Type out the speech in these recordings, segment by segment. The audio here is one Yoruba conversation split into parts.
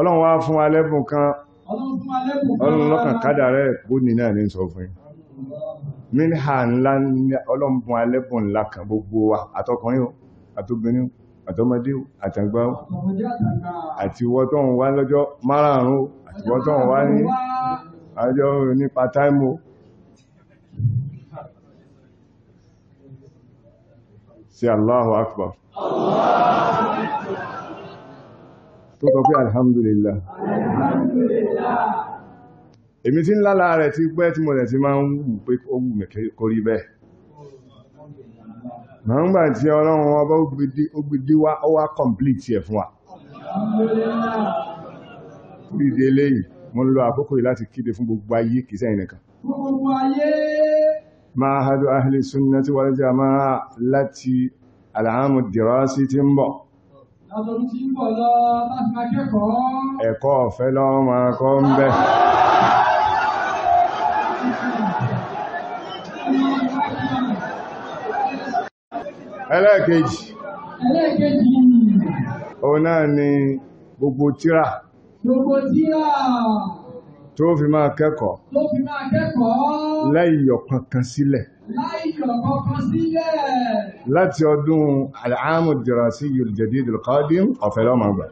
ọlọ́run wá fún wa lẹ́bùn kan ọlọ́run lọ́kàn kádà rẹ̀ bó ní náà ní sọ fún yín minha ńlá ọlọ́run fún wa lẹ́bùn ńlá kan gbogbo wa àtọkùnrin o àtobìnrin o àtọmọdé àtàgbà àti ìwọ wá lọ́jọ́ márààrún àti ìwọ wá ní àjọ nípa táìmù sí Allahu Akbar. Allah. tó kọ alhamdulillah èmi tí ń lálà rẹ̀ ti pẹ́ tí mo rẹ̀ ti máa ń wù pé ó wù bẹ́ẹ̀ ma ń gbà tí ọlọ́run ọba ó gbìdí wá ó wá ẹ̀ fún wa mo àkókò yìí láti kéde fún gbogbo ayé gbogbo ayé máa Látọ̀dún tí ń lọ láti máa kẹ́kọ̀ọ́. Ẹ̀kọ́ ọ̀fẹ́ lọ́wọ́ kọ́ ń Ẹlẹ́ẹ̀kejì. náà ni gbogbo tíra. Gbogbo Tó fi máa kẹ́kọ̀ọ́. Tó fi máa kẹ́kọ̀ọ́. láti ọdún àlàámù dìrasí al-jadid al-qadim ọ̀fẹ́ lọ́mọ gbà.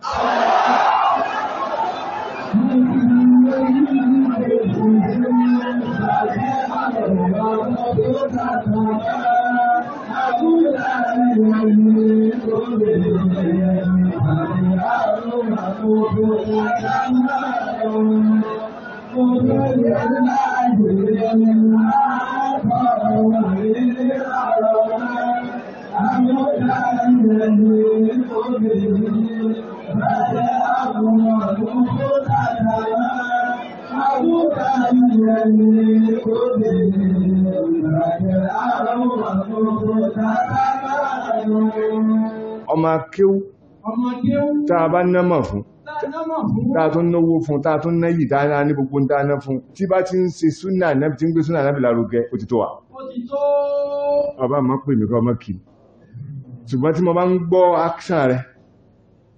Thank you. Ọmọ akéwú tàà bá námọ̀ fún tàà tún náwó fún tàà tún náyì tàà ní gbogbo dáná fún tí bá ti ń ṣe súnà náà ti ń gbé súnà náà lárugẹ òtítọ́ wà ọba mọ́ pè mí kọ́ mọ́ kì ṣùgbọ́n tí mo bá ń gbọ́ action rẹ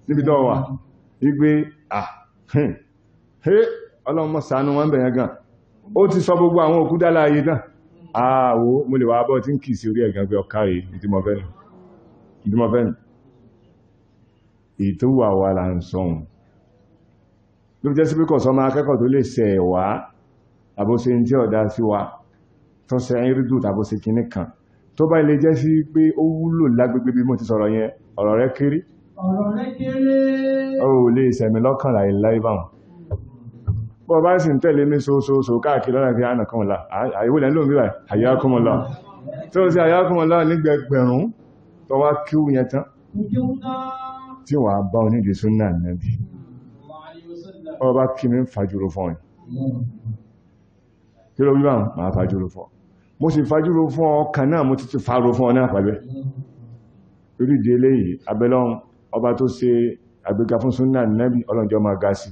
níbi tó wà wípé ah ọlọ́mọ ṣàánú wọn bẹ̀yẹn gan ó ti sọ gbogbo àwọn òkú dálá ayé náà àwò mo lè wà bọ́ tí ń kì sí orí ẹ̀gàn pé ọkàrí ìdímọ̀fẹ́nù ètò wà wà là ń sọ̀hún ló jẹ́ sí pé kọ̀sọ́ máa kẹ́kọ̀ọ́ tó lè ṣẹ̀ wá àbóṣe ní tí ọ̀dá sí wa tó ṣe ẹ̀rídù tàbóṣe kinní kan tó bá ilé jẹ́ sí pé ó wúlò lágbègbè bí mo ti sọ̀rọ̀ yẹn ọ̀rọ̀ rẹ kéré ọ̀rọ̀ rẹ kéré ó lè ṣẹ̀mí lọ́kàn láì láì kí ànà yẹn tán tí wà bá onídìí súnnà nàbí ọba kí mi ń fàjúrò fún ọ kí ló wíwá máa fàjúrò fún ọ mo sì fàjúrò fún ọ kan náà mo títí fàrò fún ọ náà pàbẹ́ lórí ìdí eléyìí abẹ́lọ́run ọba tó ṣe àgbéga fún súnnà nàbí ọlọ́njọ́ máa ga sí